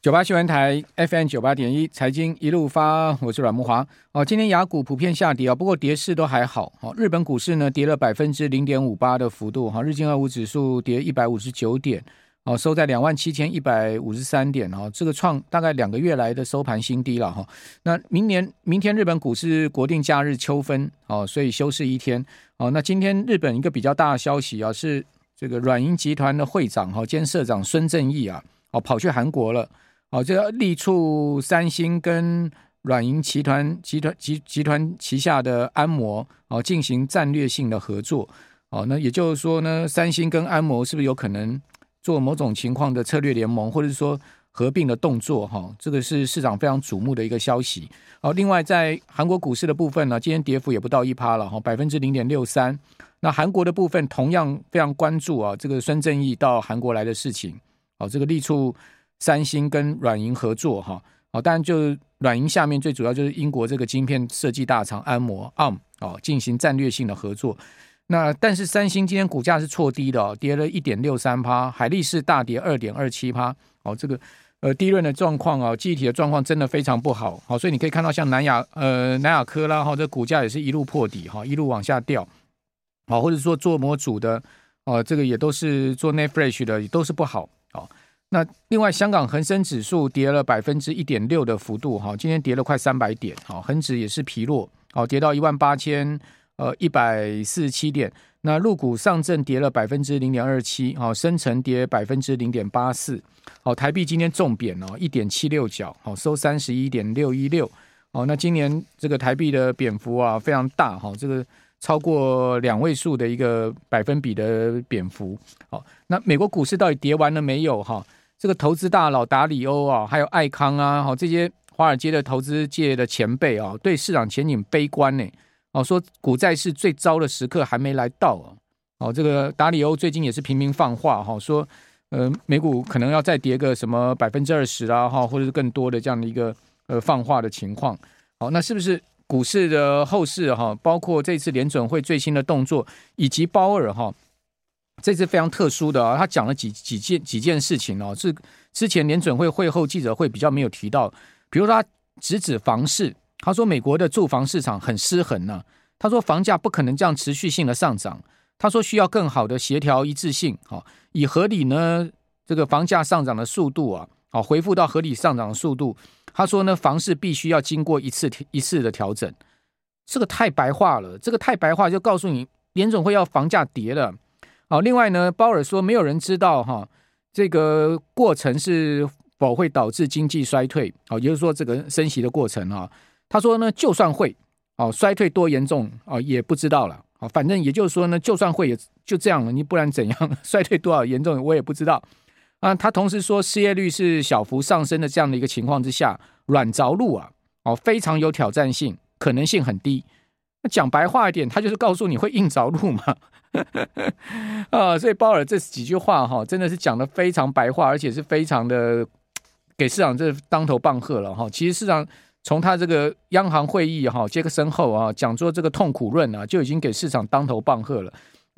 九八新聞台 FM 九八點一，財經一路發，我是阮慕驊。哦，今天亞股普遍下跌啊，不過跌勢都還好。哦，日本股市呢跌了百分之零點五八的幅度，哈，日經二五指數跌一百五十九點，哦，收在兩萬七千一百五十三點，哈，這個創大概兩個月來的收盤新低了，哈。那明年明天日本股市國定假日秋分，哦，所以休市一天，哦，那今天日本一個比較大的消息啊，是這個軟銀集團的會長哈兼社長孫正義啊，哦，跑去韓國了。哦，這力促三星跟軟銀集團集團集集團旗下的安摩哦進行戰略性的合作哦，那也就是說呢，三星跟安摩是不是有可能做某種情況的策略聯盟，或者是說合併的動作？哈、哦，這個是市場非常矚目的一個消息。哦，另外在韓國股市的部分呢，今天跌幅也不到一趴了，哈、哦，百分之零點六三。那韓國的部分同樣非常關注啊，這個孫正義到韓國來的事情。哦，這個力促。三星跟軟銀合作，哈，哦，當然就軟銀下面最主要就是英國這個晶片設計大廠安謀 ARM 哦，進、啊、行戰略性的合作。那但是三星今天股價是挫低的哦，跌了一點六三趴，海力士大跌二點二七趴哦，這個呃 DRAM 的狀況啊，具、哦、體的狀況真的非常不好，好、哦，所以你可以看到像南亞呃南亞科啦哈、哦，這股價也是一路破底哈、哦，一路往下掉，好、哦，或者說做模組的啊、哦，這個也都是做 NAND Flash 的也都是不好。那另外，香港恆生指數跌了百分之一點六的幅度，哈，今天跌了快三百點，哈，恆指也是疲弱，哦，跌到一萬八千，呃，一百四十七點。那陸股上證跌了百分之零點二七，哦，深成跌百分之零點八四，哦，台幣今天重貶哦，一點七六角，哦，收三十一點六一六，哦，那今年這個台幣的貶幅啊非常大，哈，這個超過兩位數的一個百分比的貶幅，哦，那美國股市到底跌完了沒有？哈。這個投資大佬達里歐啊，還有艾康啊，好，這些華爾街的投資界的前輩啊，對市場前景悲觀呢。哦，說股債市最糟的時刻還沒來到啊。哦，這個達里歐最近也是頻頻放話，哈，說，呃，美股可能要再跌個什麼百分之二十啊，哈，或者是更多的這樣的一個呃放話的情況。好，那是不是股市的後市哈啊，包括這次聯準會最新的動作，以及鮑爾哈啊？這次非常特殊的啊，他講了幾幾件幾件事情哦，是之前聯準會會後記者會比較沒有提到，比如說他直指房市，他說美國的住房市場很失衡呢、啊，他說房價不可能這樣持續性的上漲，他說需要更好的協調一致性，哦，以合理呢這個房價上漲的速度啊，哦，恢復到合理上漲的速度，他說呢，房市必須要經過一次一次的調整，這個太白話了，這個太白話就告訴你聯準會要房價跌了。好、哦，另外呢，鮑爾說沒有人知道哈、哦，這個過程是否會導致經濟衰退。哦、也就是說這個升息的過程啊、哦，他說呢，就算會，哦，衰退多嚴重哦，也不知道了。哦，反正也就是說呢，就算會也就這樣了，你不然怎樣？衰退多少嚴重我也不知道。啊，他同時說失業率是小幅上升的這樣的一個情況之下，軟着陸啊，哦，非常有挑戰性，可能性很低。那講白話一點，他就是告訴你會硬着陸嘛，哈哈哈。啊，所以鮑爾這幾句話哈，真的是講的非常白話，而且是非常的給市場這當頭棒喝了哈。其實市場從他這個央行會議哈，傑克森洞啊，講做這個痛苦論啊，就已經給市場當頭棒喝了。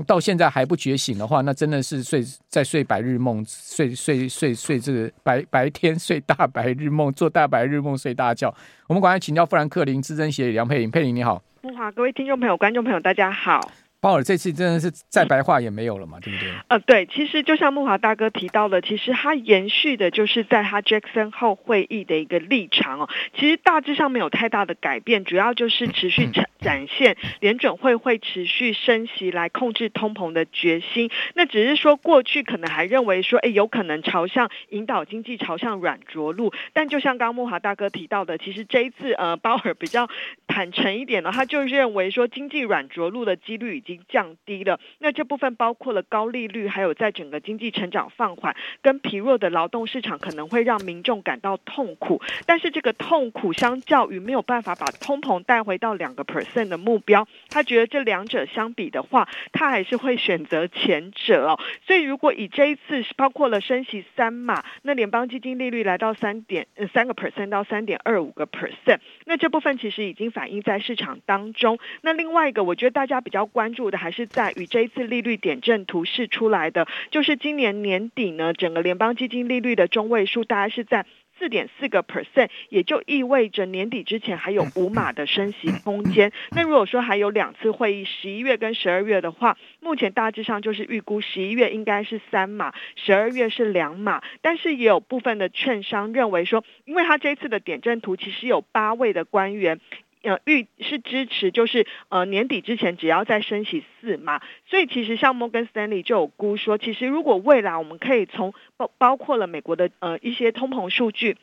到現在還不覺醒的話，那真的是睡在睡白日夢，睡睡睡睡這個白白天睡大白日夢，做大白日夢睡大覺。我們趕快請教富蘭克林資深協理梁珮羚，珮羚你好。慕驊，各位聽眾朋友、觀眾朋友，大家好。鮑爾這次真的是再白話也沒有了嘛，對不對？呃，對，其實就像慕驊大哥提到的，其實他延續的就是在他 Jackson Hole 會議的一個立場哦，其實大致上沒有太大的改變，主要就是持續成，咳咳展現聯準會會持續升息來控制通膨的決心。那只是說過去可能還認為說，哎，有可能朝向引導經濟朝向軟着陸。但就像剛慕驊大哥提到的，其實這一次呃，鮑爾比較坦誠一點呢，他就認為說經濟軟着陸的幾率已經降低了。那這部分包括了高利率，還有在整個經濟成長放緩跟疲弱的勞動市場，可能會讓民眾感到痛苦。但是這個痛苦相較於沒有辦法把通膨帶回到兩個 percent。的目標，他覺得這兩者相比的話，他還是會選擇前者哦。所以，如果以這一次包括了升息三碼，那聯邦基金利率來到三點三個 percent 到三點二五個 percent，那這部分其實已經反映在市場當中。那另外一個，我覺得大家比較關注的還是在於這一次利率點陣圖示出來的，就是今年年底呢，整個聯邦基金利率的中位數大概是在。四點四個 percent，也就意味着年底之前還有五碼的升息空間。那如果說還有兩次會議，十一月跟十二月的話，目前大致上就是預估十一月應該是三碼，十二月是兩碼。但是也有部分的券商認為說，因為他這次的點陣圖其實有八位的官員。呃，預是支持，就是呃年底之前只要再升息四碼，所以其實像摩根斯丹利就有估說，其實如果未來我們可以從包包括了美國的呃一些通膨數據，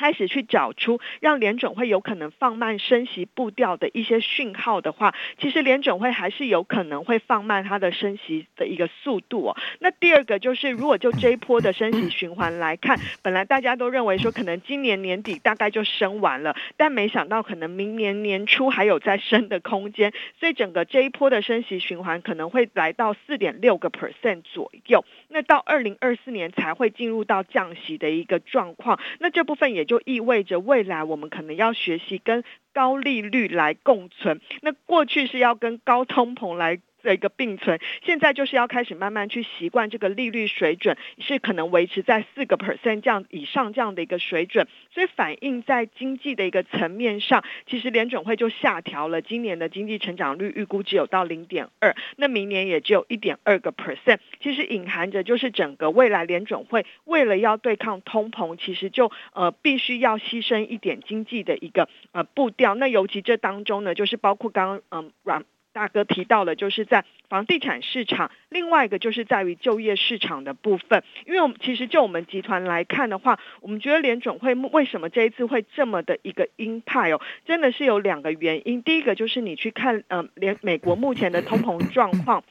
開始去找出讓聯準會有可能放慢升息步調的一些訊號的話，其實聯準會還是有可能會放慢它的升息的一個速度哦。那第二個就是，如果就這一波的升息循環來看，本來大家都認為說可能今年年底大概就升完了，但沒想到可能明年年初還有再升的空間，所以整個這一波的升息循環可能會來到四點六個 percent 左右。那到二零二四年才會進入到降息的一個狀況。那這部分也。就意味着未來我們可能要學習跟高利率來共存，那過去是要跟高通膨來。的一個並存，現在就是要開始慢慢去習慣這個利率水準是可能維持在四個 percent 這樣以上這樣的一個水準，所以反映在經濟的一個層面上，其實聯準會就下調了今年的經濟成長率預估只有到零點二，那明年也只有一點二個 percent，其實隱含着就是整個未來聯準會為了要對抗通膨，其實就呃必須要犧牲一點經濟的一個呃步調，那尤其這當中呢，就是包括剛剛嗯軟。呃大哥提到了，就是在房地產市場，另外一個就是在於就業市場的部分。因為我們其實就我們集團來看的話，我們覺得聯準會為什麼這一次會這麼的一個鷹派哦，真的是有兩個原因。第一個就是你去看，呃，連美國目前的通膨狀況。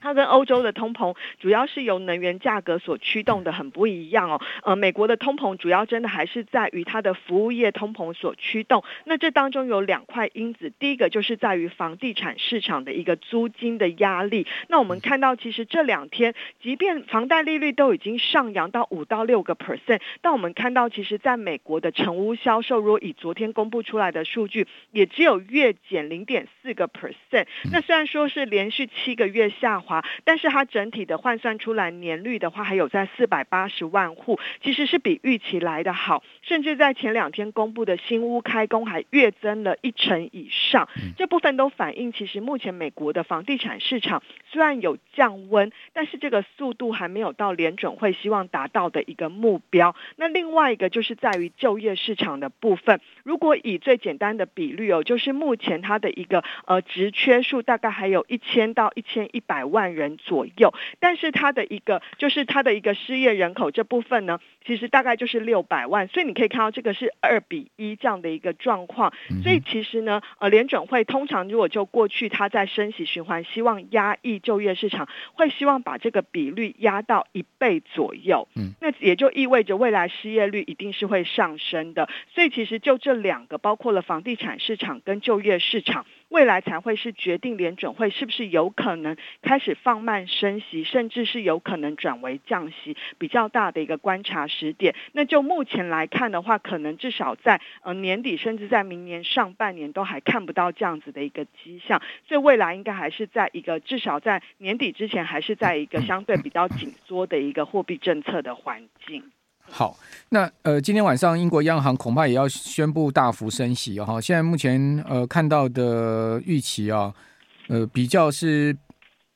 它跟歐洲的通膨主要是由能源價格所驅動的，很不一樣哦。呃，美國的通膨主要真的還是在於它的服務業通膨所驅動。那這當中有兩塊因子，第一個就是在於房地產市場的一個租金的壓力。那我們看到，其實這兩天，即便房貸利率都已經上揚到五到六個 percent，但我們看到，其實在美國的成屋銷售，如果以昨天公布出來的數據，也只有月減零點四個 percent。那雖然說是連續七個月下滑。但是它整體的換算出來年率的話，還有在四百八十萬戶，其實是比預期來的好，甚至在前兩天公布的新屋開工還月增了一成以上，這部分都反映其實目前美國的房地產市場雖然有降溫，但是這個速度還沒有到聯準會希望達到的一個目標。那另外一個就是在於就業市場的部分，如果以最簡單的比率哦，就是目前它的一個呃職缺數大概還有一千到一千一百萬。萬人左右，但是它的一個就是它的一個失業人口這部分呢，其實大概就是六百萬，所以你可以看到這個是二比一這樣的一個狀況。所以其實呢，呃，聯準會通常如果就過去它在升息循環，希望壓抑就業市場，會希望把這個比率壓到一倍左右。嗯，那也就意味着未來失業率一定是會上升的。所以其實就這兩個，包括了房地產市場跟就業市場。未來才會是決定聯準會是不是有可能開始放慢升息，甚至是有可能轉為降息，比較大的一個觀察時點。那就目前來看的話，可能至少在呃年底，甚至在明年上半年都還看不到這樣子的一個跡象。所以未來應該還是在一個至少在年底之前，還是在一個相對比較緊縮的一個貨幣政策的環境。好，那呃，今天晚上英國央行恐怕也要宣布大幅升息哈、哦。現在目前呃看到的預期啊、哦，呃，比較是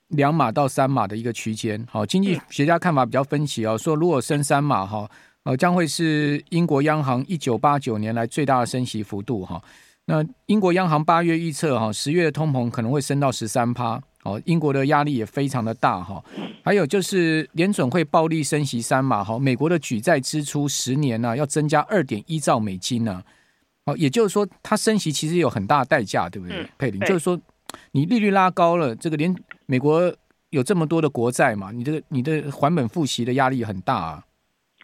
兩碼到三碼的一個區間。好、哦，經濟學家看法比較分歧哦，說如果升三碼哈、哦，呃，將會是英國央行一九八九年來最大的升息幅度哈、哦。那英國央行八月預測哈，哦，十月的通膨可能會升到十三趴。哦，英國的壓力也非常的大哈，還有就是聯準會暴力升息三碼哈，美國的舉債支出十年呢、啊、要增加二點一兆美金呢，哦，也就是說它升息其實有很大的代價，對不對？嗯、珮羚，就是說你利率拉高了，這個連美國有這麼多的國債嘛，你的你的還本付息的壓力很大啊。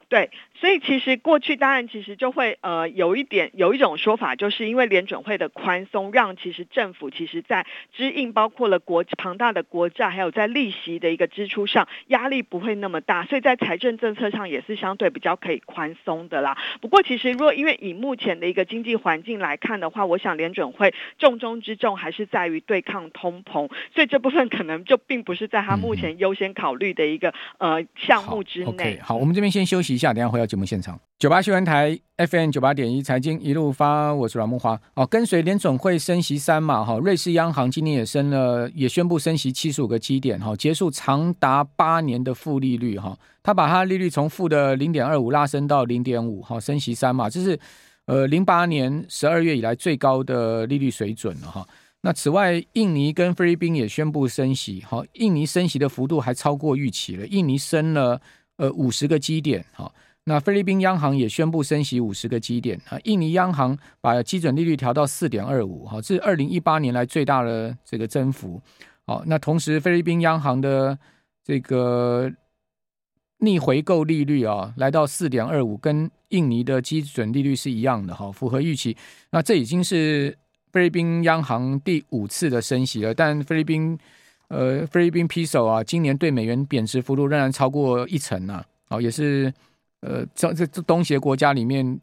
對。所以其實過去當然其實就會呃有一點有一種說法，就是因為聯準會的寬鬆，讓其實政府其實在支應包括了國龐大的國債還有在利息的一個支出上壓力不會那麼大，所以在財政政策上也是相對比較可以寬鬆的啦。不過其實如果因為以目前的一個經濟環境來看的話，我想聯準會重中之重還是在於對抗通膨，所以這部分可能就並不是在他目前優先考慮的一個嗯嗯呃項目之內。好，okay, 好，我們這邊先休息一下，等下回來。節目現場，九八新聞台，FM 九八點一，財經一路發，我是阮慕驊。哦，跟隨聯準會升息三碼，哈、哦，瑞士央行今年也升了，也宣布升息七十五個基點，哈、哦，結束長達八年的負利率，哈、哦，他把他利率從負的零點二五拉升到零點五，哈，升息三碼，這是呃零八年十二月以來最高的利率水準了，哈、哦。那此外，印尼跟菲律賓也宣布升息，好、哦，印尼升息的幅度還超過預期了，印尼升了呃五十個基點，哈、哦。那菲律賓央行也宣布升息五十個基點啊，印尼央行把基準利率調到四點二五，哈，這是二零一八年來最大的這個增幅。好、哦，那同時菲律賓央行的這個逆回購利率啊，來到四點二五，跟印尼的基準利率是一樣的哈、哦，符合預期。那這已經是菲律賓央行第五次的升息了，但菲律賓呃菲律賓披索啊，今年對美元貶值幅度仍然超過一成啊。哦也是。呃，這這東協國家裡面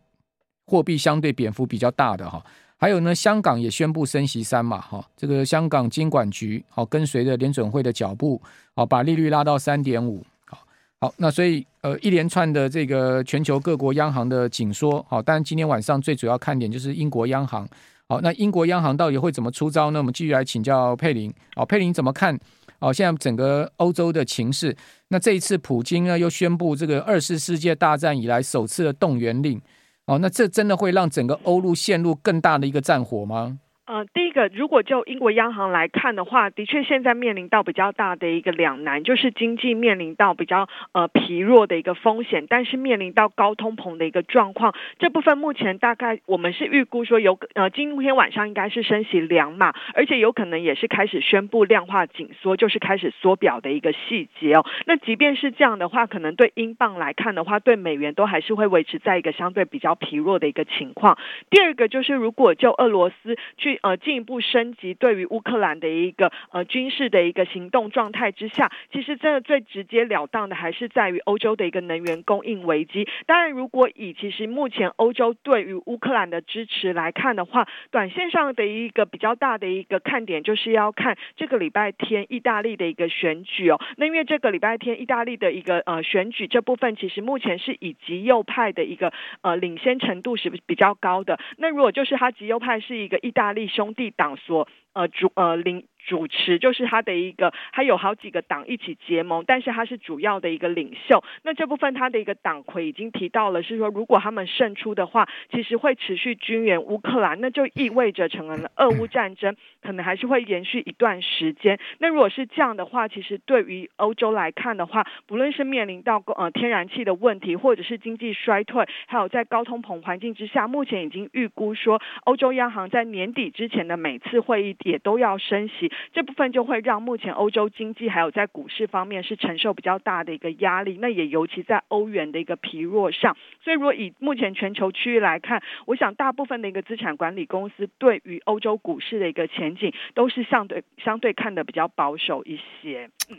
貨幣相對貶幅比較大的哈，還有呢，香港也宣布升息三碼哈，這個香港金管局好跟隨着聯準會的腳步，好把利率拉到三點五，好，好那所以呃一連串的這個全球各國央行的緊縮，好，當然今天晚上最主要看點就是英國央行，好，那英國央行到底會怎麼出招呢？我們繼續來請教珮羚，好，珮羚怎麼看？哦，現在整個歐洲的情勢，那這一次普京呢又宣布這個二次世界大戰以來首次的動員令，哦，那這真的會讓整個歐陸陷入更大的一個戰火嗎？呃，第一個，如果就英國央行來看的話，的確現在面臨到比較大的一個兩難，就是經濟面臨到比較呃疲弱的一個風險，但是面臨到高通膨的一個狀況。這部分目前大概我們是預估說有呃，今天晚上應該是升息兩碼，而且有可能也是開始宣布量化緊縮，就是開始縮表的一個細節哦。那即便是這樣的話，可能對英鎊來看的話，對美元都還是會維持在一個相對比較疲弱的一個情況。第二個就是如果就俄羅斯去。呃，進一步升級對於烏克蘭的一個呃軍事的一個行動狀態之下，其實這最直接了當的還是在於歐洲的一個能源供應危機。當然，如果以其實目前歐洲對於烏克蘭的支持來看的話，短線上的一個比較大的一個看點就是要看這個禮拜天意大利的一個選舉哦。那因為這個禮拜天意大利的一個呃選舉這部分，其實目前是以極右派的一個呃領先程度是比較高的。那如果就是他極右派是一個意大利。兄弟黨所呃主呃領。主持就是他的一個，他有好幾個黨一起結盟，但是他是主要的一個領袖。那這部分他的一個黨魁已經提到了，是說如果他們勝出的話，其實會持續軍援烏克蘭，那就意味着成為了俄烏戰爭可能還是會延續一段時間。那如果是這樣的話，其實對於歐洲來看的話，不論是面臨到呃天然氣的問題，或者是經濟衰退，還有在高通膨環境之下，目前已經預估說歐洲央行在年底之前的每次會議也都要升息。這部分就會讓目前歐洲經濟還有在股市方面是承受比較大的一個壓力，那也尤其在歐元的一個疲弱上。所以，如果以目前全球區域來看，我想大部分的一個資產管理公司對於歐洲股市的一個前景都是相對相對看得比較保守一些。嗯、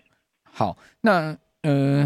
好，那呃，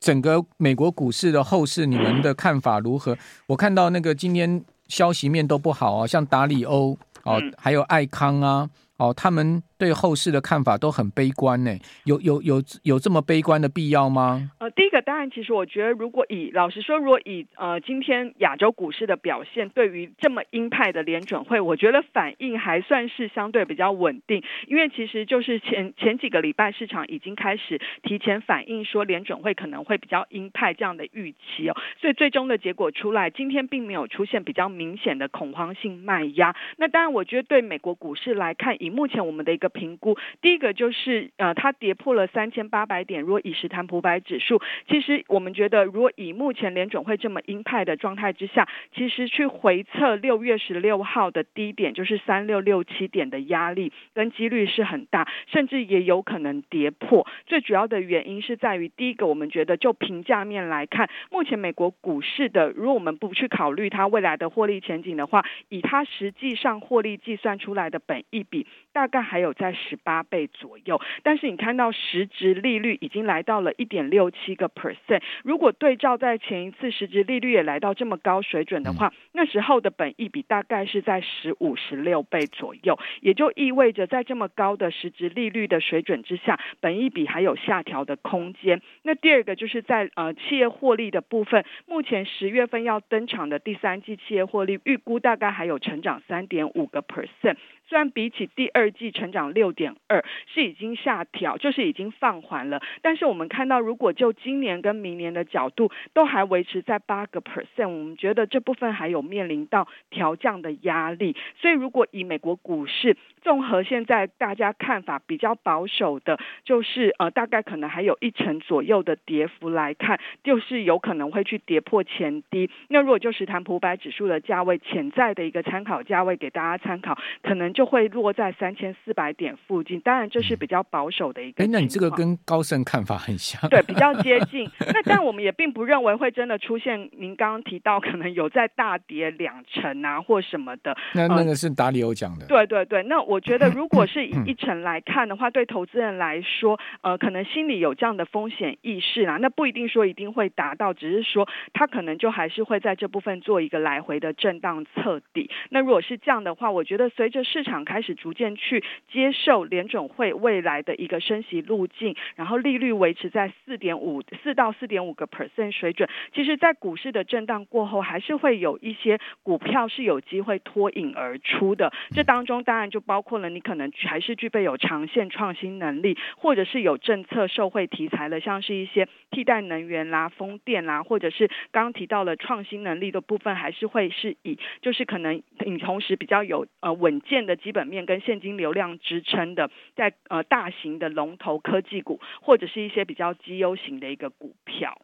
整個美國股市的後市你們的看法如何？我看到那個今天消息面都不好哦，像達里歐哦、嗯，還有艾康啊哦，他們。對後市的看法都很悲觀呢、欸，有有有有這麼悲觀的必要嗎？呃，第一個當然，其實我覺得，如果以老實說，如果以呃今天亞洲股市的表現，對於這麼鷹派的聯準會，我覺得反應還算是相對比較穩定，因為其實就是前前幾個禮拜市場已經開始提前反應說聯準會可能會比較鷹派這樣的預期哦，所以最終的結果出來，今天並沒有出現比較明顯的恐慌性賣壓。那當然，我覺得對美國股市來看，以目前我們的一個評估第一個就是，呃，它跌破了三千八百點。如果以史坦普百指數，其實我們覺得，如果以目前聯準會這麼鷹派的狀態之下，其實去回測六月十六號的低點，就是三六六七點的壓力跟幾率是很大，甚至也有可能跌破。最主要的原因是在於，第一個我們覺得，就評價面來看，目前美國股市的，如果我們不去考慮它未來的獲利前景的話，以它實際上獲利計算出來的本益比。大概還有在十八倍左右，但是你看到實質利率已經來到了一點六七個 percent。如果對照在前一次實質利率也來到這麼高水準的話，那時候的本益比大概是在十五、十六倍左右，也就意味着在這麼高的實質利率的水準之下，本益比還有下調的空間。那第二個就是在呃企業獲利的部分，目前十月份要登場的第三季企業獲利預估大概還有成長三點五個 percent。雖然比起第二季成長六點二，是已經下調，就是已經放緩了。但是我們看到，如果就今年跟明年的角度，都還維持在八個 percent，我們覺得這部分還有面臨到調降的壓力。所以如果以美國股市，綜合現在大家看法比較保守的，就是呃大概可能還有一成左右的跌幅來看，就是有可能會去跌破前低。那如果就是潭普白指數的價位，潛在的一個參考價位給大家參考，可能。就會落在三千四百點附近，當然這是比較保守的一個。哎，那你這個跟高盛看法很像， 對，比較接近。那但我們也並不認為會真的出現您剛剛提到可能有在大跌兩成啊或什麼的。那那個是達里歐講的、嗯。對對對，那我覺得如果是以一成來看的話， 對投資人來說，呃，可能心裡有這樣的風險意識啦、啊，那不一定說一定會達到，只是說他可能就還是會在這部分做一個來回的震盪測底。那如果是這樣的話，我覺得隨着市場。場開始逐漸去接受聯準會未來的一個升息路徑，然後利率維持在四點五四到四點五個 percent 水準。其實，在股市的震盪過後，還是會有一些股票是有機會脫穎而出的。這當中當然就包括了你可能還是具備有長線創新能力，或者是有政策受惠題材的，像是一些替代能源啦、風電啦，或者是剛提到了創新能力的部分，還是會是以就是可能你同時比較有呃穩健的。基本面跟現金流量支撐的在，在呃大型的龍頭科技股或者是一些比較績優型的一個股票。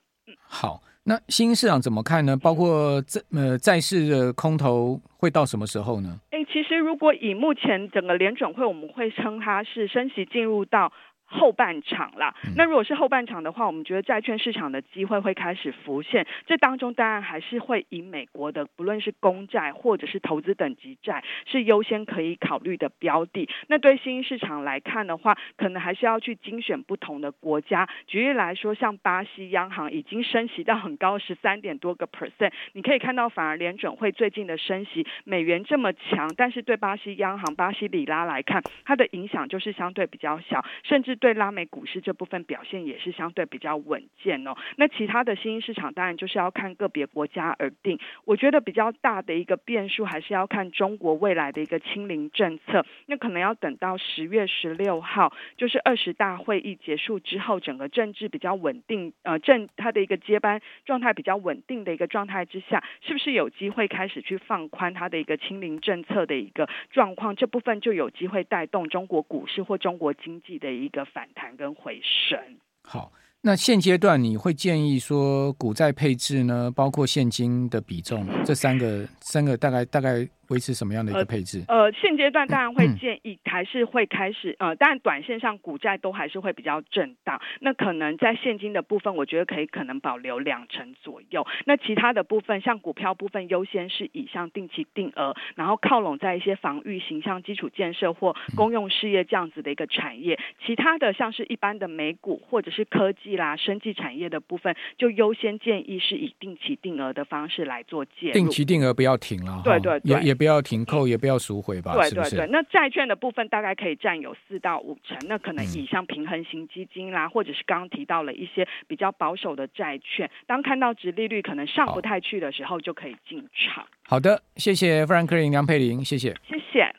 好，那新興市場怎麼看呢？包括這呃在呃債市的空頭會到什麼時候呢？誒、欸，其實如果以目前整個聯準會，我們會稱它是升息進入到。後半場啦，那如果是後半場的話，我們覺得債券市場的機會會開始浮現。這當中當然還是會以美國的，不論是公債或者是投資等級債，是優先可以考慮的標的。那對新興市場來看的話，可能還是要去精選不同的國家。舉例來說，像巴西央行已經升息到很高，十三點多個 percent。你可以看到，反而聯準會最近的升息，美元這麼強，但是對巴西央行巴西里拉來看，它的影響就是相對比較小，甚至。對拉美股市這部分表現也是相對比較穩健哦。那其他的新興市場當然就是要看個別國家而定。我覺得比較大的一個變數還是要看中國未來的一個清零政策。那可能要等到十月十六號，就是二十大會議結束之後，整個政治比較穩定，呃，政它的一個接班狀態比較穩定的一個狀態之下，是不是有機會開始去放寬它的一個清零政策的一個狀況？這部分就有機會帶動中國股市或中國經濟的一個。反彈跟回升，好。那現階段你會建議說，股債配置呢，包括現金的比重，這三個三個大概大概維持什麼樣的一個配置呃？呃，現階段當然會建議還是會開始、嗯、呃，但短線上股債都還是會比較震盪。那可能在現金的部分，我覺得可以可能保留兩成左右。那其他的部分，像股票部分，優先是以像定期定額，然後靠攏在一些防禦形象、基礎建設或公用事業這樣子的一個產業、嗯。其他的像是一般的美股或者是科技啦、生技產業的部分，就優先建議是以定期定額的方式來做建，定期定額不要停了。對對對。不要停扣，嗯、也不要贖回吧？對對對是是，那債券的部分大概可以佔有四到五成，那可能以上平衡型基金啦，嗯、或者是剛剛提到了一些比較保守的債券，當看到殖利率可能上不太去的時候，就可以進場。好，好的，謝謝富蘭克林梁珮羚，謝謝，謝謝。